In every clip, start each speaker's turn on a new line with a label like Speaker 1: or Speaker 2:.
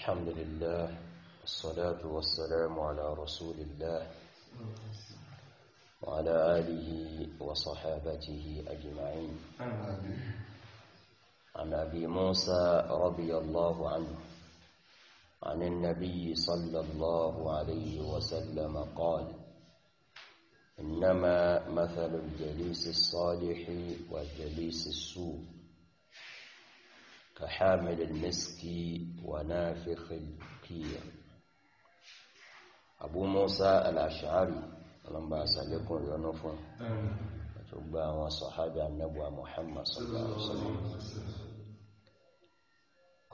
Speaker 1: الحمد لله والصلاة والسلام على رسول الله وعلى آله وصحابته أجمعين عن أبي موسى رضي الله عنه عن النبي صلى الله عليه وسلم قال إنما مثل الجليس الصالح والجليس السوء كحامل المسك ونافخ الكير أبو موسى الأشعري لما سألكم يونفون أتوبى وصحابة النبي محمد صلى الله عليه وسلم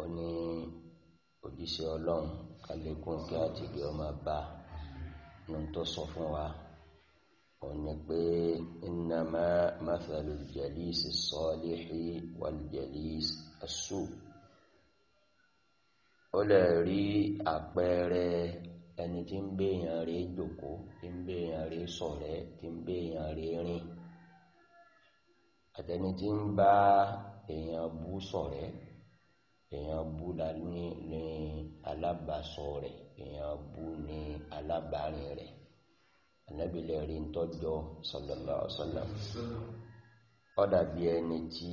Speaker 1: oni òjíṣẹ́ ọlọ́run kalẹ̀kùn kí a ti gbé ọmọ bá ní tó sọ fún wa òní pé innama mathalu al-jalisi as wal-jalisi Asu. ó lè rí àpẹẹrẹ ẹni tí ń béèyàn rẹ̀ jòkó tí ń béèyàn rẹ̀ sọ̀rẹ́ tí ń béèyàn rẹ̀ rìn àtẹni tí ń bá èèyàn bú sọ̀rẹ́ èèyàn bú la ní ní alábàásọ rẹ̀ èèyàn bú ní alábàárìn rẹ̀ Ànábì lè rí ń tọ́jọ́ sallallahu alaihi wasallam dàbí ẹni tí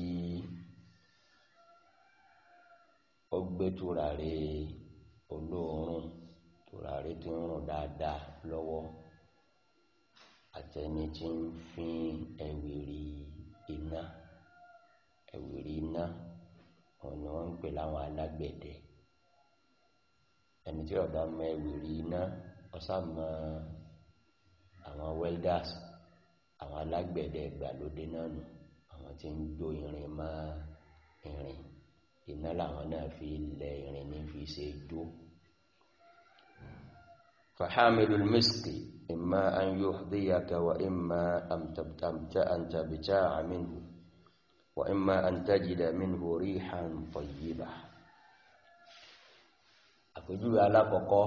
Speaker 1: ó gbé tùràrí olóòórùn tùràrí tí ń rùn dáadáa lọ́wọ́ àtẹni tí ń fín ẹ̀wìrì iná ẹ̀wìrì iná òun ni wọ́n ń pè láwọn alágbẹ̀dẹ ẹni tí ọba mọ ẹ̀wìrì iná ọsà àwọn welders àwọn alágbẹ̀dẹ ìgbàlódé náà nù àwọn tí ń gbó irin mọ́ irin iná làwọn náà fi lẹ irin ní fi ṣe jó fàhámìlú miski imma an yuhdiyaka wa imma an tabta'a minhu wa imma an tajida minhu rihan tayyiba àpèjúwe alákọ̀ọ́kọ́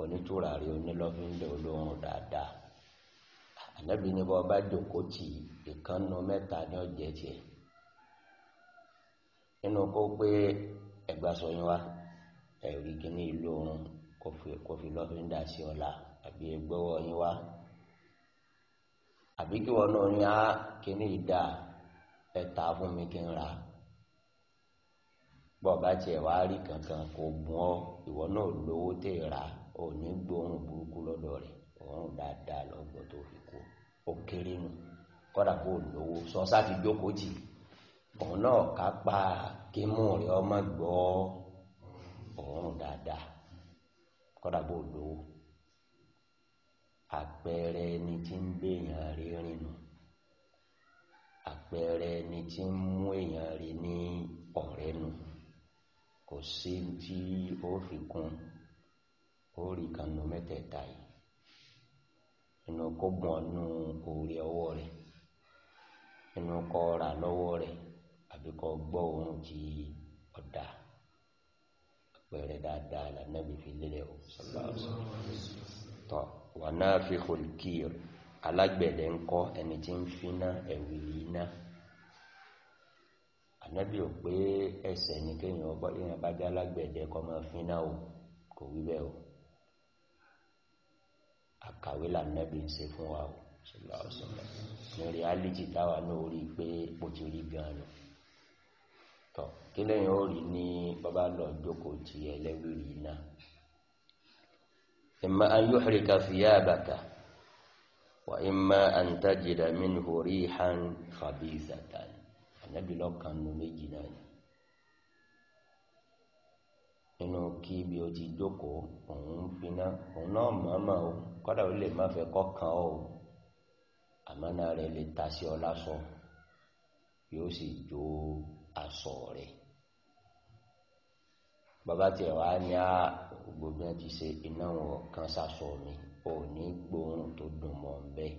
Speaker 1: onítúrà rí onílọ́fíńdẹ̀ olóhùn dáadáa ànábì ní bọ́ bá jòkó tì ìkànnù mẹ́ta ní ọ̀jẹ̀ tiẹ̀ nínú kó pé ẹgbà sọyún wa ẹ̀rí kíní ìlú oorun kò fi lọ́fíńdà sí ọ̀la àbí ẹgbọ́wọ́ yín wá àbí kí wọn náà ní á kíní ìdá ẹ̀ta fún mi kí n ra bọ́ bá tiẹ̀ wá rí kankan kò bùn ọ́ ìwọ náà lówó tè rà ò ní gbóòórùn burúkú lọ́dọ̀ rẹ̀ òórùn dáadáa lọ́gbọ̀n tó fi kú ó kéré nù kọ́dà kó lówó sọ sáà ti jókòó tì í. òun náà kápá kí mú rẹ̀ ọmọ gbọ́ òórùn dáadáa kọ́dà bó lówó àpẹẹrẹ ẹni tí ń gbé èèyàn rí àpẹẹrẹ ẹni tí ń mú èèyàn rí ní ọ̀rẹ́ kò sí tí ó fi kún ó rí kanu mẹ́tẹ̀ẹ̀ta yìí àbí kọ́ gbọ́ ohun tí ọ̀dà àpẹẹrẹ dáadáa lànàbí fi lélẹ̀ o tọ́ wà náà fi holkir alágbẹ̀dẹ ń kọ́ ẹni tí ń finá ẹ̀wì iná ànábì ò pé ẹsẹ̀ ní kéèyàn ọgbọ́ yíyan bá dé alágbẹ̀dẹ kọ́ máa finá o kò wí bẹ́ẹ̀ o àkàwé lànàbì ń ṣe fún wa o ní reality táwa náà rí i pé bó ti rí gan-an tọ̀ kí lẹ́yìn ó rí ní bàbá lọ jókòó ti ẹlẹ́wìrì náà imma an yuhrika thiyabaka wa imma an tajida minhu rihan khabithatan ànábì lọ́kàn nu méjì náà ni nínú kí ibi o ti jókòó òun finá òun náà mọ̀ọ́mọ̀ o kọ́dà ó lè má fẹ́ kọ́kàn o àmọ́nà rẹ̀ lè ta sí ọ lásọ yóò sì jó o aṣọ rẹ̀ bàbá tí ẹ̀ wá ní á gbogbo ẹ̀ ti ṣe iná wọn kan sásọ mi ò ní gbóòórùn tó dùn mọ́ ń bẹ́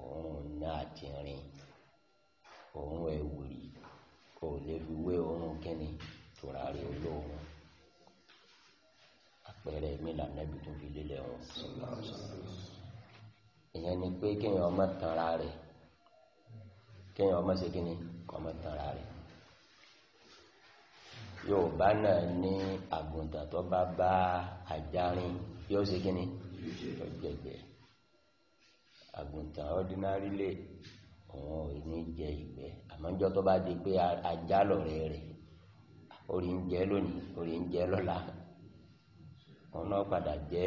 Speaker 1: òórùn náà ti rìn òórùn ẹ̀wùrì ò lè fi wé òórùn kínní tùràrí olóòórùn àpẹẹrẹ mi lànàbí tó fi lélẹ̀ wọn ìyẹn ni pé kéèyàn má tanra rẹ̀ kéèyàn ọmọ ṣe kíni ọmọ tanra rẹ̀ yorùbá náà ní àgùntàn tó bá bá àjárin yóò ṣe kíni yóò jẹgbẹ àgùntàn ordinary lè òun ò ní jẹ ìgbẹ́ àmọ́jọ́ tó bá di pé ajá lọ̀rẹ́ rẹ̀ orí ń jẹ lónìí orí ń jẹ lọ́la òun náà padà jẹ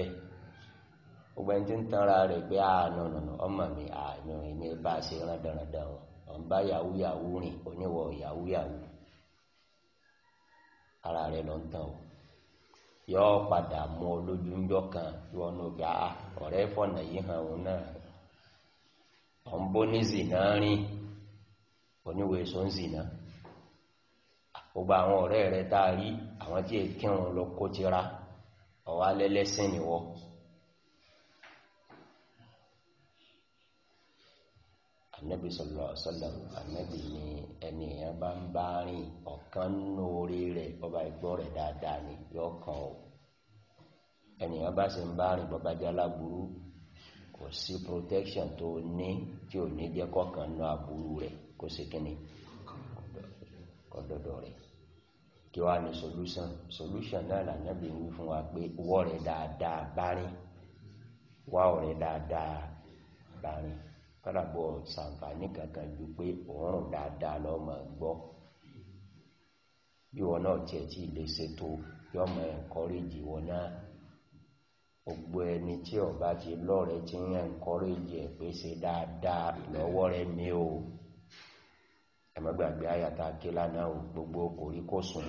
Speaker 1: gbogbo ẹni tí ń tanra rẹ̀ pé àánú ah, ọmọ mi àánú ah, ẹni bá a ṣe rán dandan wọn ọ̀n bá yahoo yahoo rìn oníwọ̀ yahoo yahoo ara rẹ lọ ń tàn o yọ padà mọ ọ kan tí wọn nù gbà á ọ̀rẹ́ yìí hàn náà ọ̀n ní zìnà rìn oníwèé sọ ń zìnà gbogbo àwọn ọ̀rẹ́ rẹ tá a rí àwọn tí èké wọn lọ kó tira ọ̀wá lẹ́lẹ́sìn nìwọ. Ànábì sallallahu alaihi wasallam, ànábì ni ẹni èèyàn bá ń bá rìn ọ̀kan nínú oore rẹ̀, bọ́ba ìgbọ́ rẹ̀ dáadáa ni yóò kàn ọ́. Ẹni bá sì ń bá rìn bọ́ba jẹ́ aláburú, kò sí protection tó ní tí ò ní jẹ́ kọ́kan nínú aburú rẹ̀ kó ṣe kíni ọ̀dọ̀dọ̀ rẹ̀. Kí wá ni solution? Solution náà là ànábì wí fún wa pé wọ́ rẹ̀ dáadáa bá rìn, wá dáadáa bá rìn kọ́dàbọ̀ sàǹfàní kankan ju pé òórùn dáadáa lọ mọ̀ gbọ́ bí wọn náà tiẹ̀ tí ilé ṣètò yọ mọ ẹ̀ńkọ́rẹ́jì wọn náà gbogbo ẹni tí ọba ti lọ́rẹ̀ẹ́ tí ń ẹ̀ńkọ́rẹ́jì ẹ̀ pé ṣe dáadáa lọ́wọ́ rẹ mi o ẹ àyàtà kílá náà o gbogbo kòríkò sùn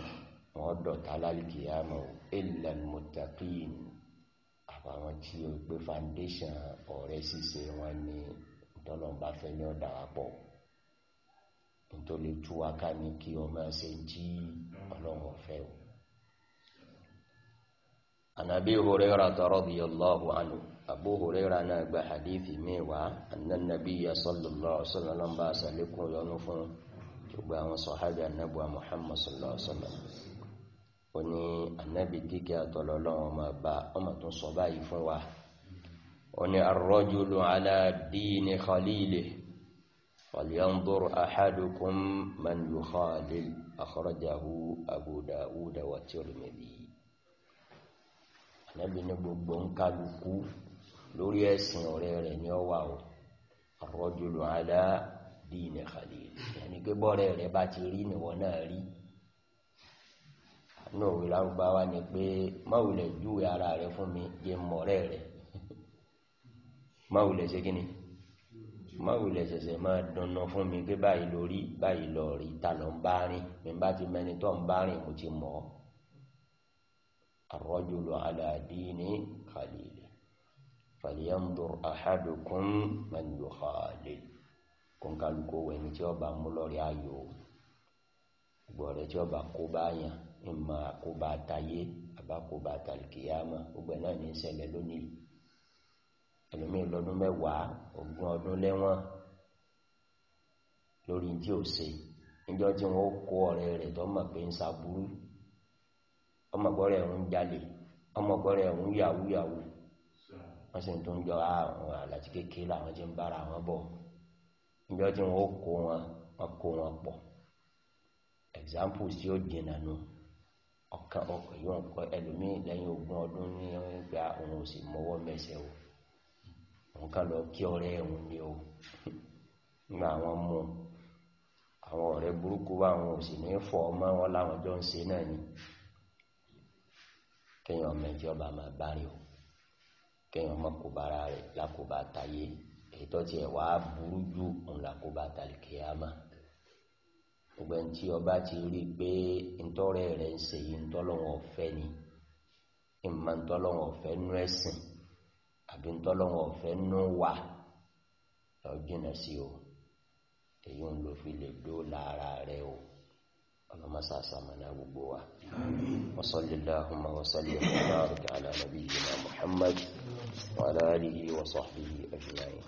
Speaker 1: wọn dọ̀tá lálùkì àmọ́ o ilẹ̀ mọ̀tàkìyìn àbáwọn tí o gbé foundation ọ̀rẹ́ ṣíṣe wọn ni tọ́lọ́n bá fẹ́ ní ọ̀dà àpọ̀ nítorí tú wa ká ní kí ọmọ ẹsẹ̀ ń tí ọlọ́run fẹ́ o. Ànàbí Hurera radiyallahu anhu, Abu Hurera náà gba hadithi mẹ́wàá, annan nabiyya sallallahu alaihi wasallam bá sàlékún yọnu fún gbogbo àwọn sọ̀hábì ànábùwà Muhammad sallallahu alaihi wasallam. Ó ní ànábì kíkẹ́ àtọ̀lọ́lọ́wọ́n máa bá ọmọ tó sọ báyìí fún wa oni arrojulu ala diini khalili falyanzur ahadukum man yukhalil akhrajahu abu dawud wa tirmidhi anabi ni gbogbo nkaluku lórí ẹ̀sìn ọ̀rẹ́ rẹ̀ ni ó wà o arrojulu ala diini khalili ẹni pé bọ́ọ̀rẹ́ rẹ̀ bá ti rí nìwọ náà rí náà wí lárúbáwá ni pé máwùlẹ̀ júwe ara rẹ̀ fún mi jẹ́ mọ̀rẹ́ rẹ̀ má wùlẹ̀ ṣe kíni má wùlẹ̀ ṣẹ̀ṣẹ̀ máa dandan fún mi pé báyìí lórí báyìí lọ rí ta lọ ń bá rìn mi bá ti mẹni tó ń bá rìn mo ti mọ̀ ọ́ ar-rajulu ala dini khalili falyanzur ahadukum man yukhalil kọ̀ǹkàlùkò wẹ̀ni tí ọba mú lọ́rí ayò gbogbo rẹ tí ọba kó bá yàn ìmọ̀ àkóbá àtayé àbákóbá àtàlùkìyàmọ̀ gbogbo náà ní ṣẹlẹ̀ lónìí ẹlòmíì lọ́dún mẹ́wàá ogún ọdún lẹ́wọ̀n lórí tí ò ṣe tí wọ́n kó ọ̀rẹ́ rẹ̀ tó mọ̀ pé ń ṣàbúrú ọmọgbọ́rẹ̀ ń jalè ọmọgbọ́rẹ̀ ń yàwú yàwú wọ́n sì tún jọ ah, àwọn kékeré làwọn ti ń bára wọn bọ̀ wọn wọn ó dènà nù yìí wọn kọ ẹlòmíì ogún ọdún ní ń gba òun òun kà lọ kí ọ̀rẹ́ òun ni o nígbà àwọn ọmọ àwọn ọ̀rẹ́ burúkú ò sì ní fọ ọmọ wọn láwọn jọ ń ṣe náà ni kéèyàn ọmọ o kéèyàn ọmọ kò bára rẹ̀ lákòbá tayé ètò tiẹ̀ wá burú ju òun làkòbá tàlìkìyàmá gbogbo ẹni tí ọba ti rí pé ntọ́rẹ́ rẹ̀ ń ṣe yìí ọ̀fẹ́ ni ìmọ̀ ọ̀fẹ́ àbí ntọ́lọ́wọ́ ọ̀fẹ́ nù wà lọ jìnà sí o èyí ń lò fi lè dóòlà ara rẹ o ọlọ́mọsá sàmánà gbogbo wa wasalilahuma wasalim barik ala nabiyyina muhammad wa alihi wa sahbihi ajma'in